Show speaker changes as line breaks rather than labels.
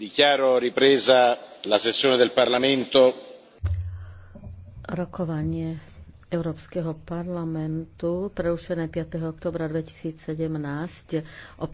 dichiaro ripresa la sessione del parlamento
rokovanie Európskeho parlamentu prerušené five októbra two thousand
and seventeen o.